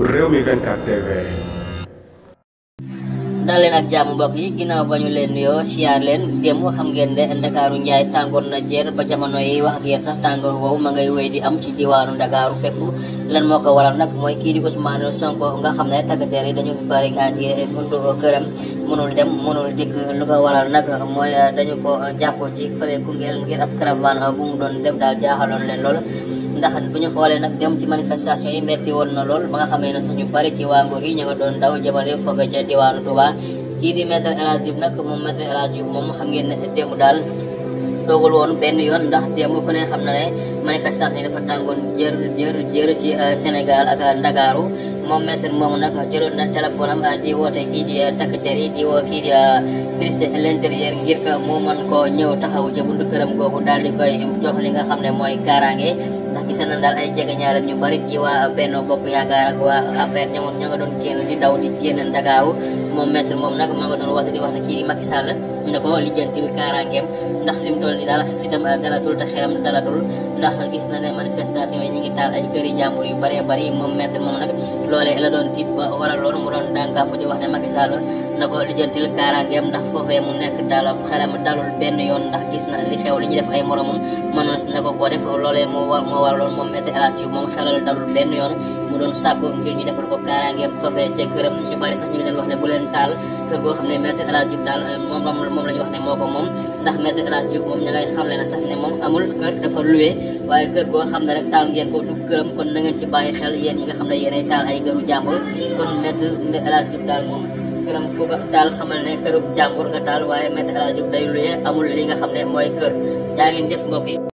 Rewmi 24 TV. dal leen ak jàmm mbokk yi ginnaaw ba ñu leen nuyoo siyaar leen démb xam ngeen ne ndakaaru njaay tàngoor na jeer ba jamono yi wax ak yéen sax tàngoor woowu ma ngay wéy di am ci diwaanu ndakaaru fépp lan moo ko waral nag mooy kii di Ousmane Sonko nga xam ne takkateer yi dañu bari barricade buntu këram mënul dem mënul dikk lu ko waral nag mooy dañu ko jàppoo ci fële Koungheul ngir ab caravane bu mu doon def daal jaaxaloon leen lool ndax bu ñu xoolee nag dem ci manifestation yi metti woon na lool ba nga xamee ne sax ñu bari ci waa nguur yi ñu nga doon daw jëmale foofee ca diwaanu Touba kii di maître El Hadji Diouf nag moom maître El Hadji moom xam ngeen ne démb daal toogul woon benn yoon ndax démb ku ne xam na ne manifestation yi dafa tàngoon jër jër jër ci euh, Sénégal ak Ndakaaru momentum momentum na kajero na telefon am adi wo te kidi a tak teri di wo kidi a bris te helen teri yer gir ka momon ko nyo ta hau jabun du kerem go hudal di ko yim jo hali ngakam ne moi karange na kisa na dal ai jaga nyara nyo bari ki wa gara ko a ape nyo mon nyo ngadon kien di dau di kien na daga hau momentum momentum na kama ngadon wo te di wo te kiri ma kisa le na ko li jantil karange na fim dol ni dala fitam a dala tul ta kheram dala kisna manifestasi wo kita ai kari jamuri bari bari momentum momentum na loolee la doon tiit ba waral loolu mu doon dànkaafu di wax ne Macky Sall na ko lijjantil kaaraangeem ndax foofee mu nekk daal xelam dalul benn yoon ndax gis na li xew li ñu def ay moromam mënoon na ko koo def loolee moo war moo waraloon moom métti El Hadji Diouf moom xelal dalul benn yoon mu doon sàkku ngir ñu defal ko kaaraangeem foofee ca këram ñu bari sax ñu ngi wax ne bu leen taal kër goo xam ne maître El Hadj daal euh, moom moom la ñu wax ne moo moom ndax maître El Hadj Diouf moom ña ngay xamle na moom amul kër dafa loué waaye kër xam ne rek taal ngeen ko du këram kon na ngeen ci bàyyi xel yéen ñi nga xam ne yéenay taal ay këru jàmbur kon maître El Hadj Diouf daal moom këram xamal ne këru jàmbur nga taal waaye maître El Hadj day loué amul li nga xam ne mooy kër yaa ngeen def mbokk yi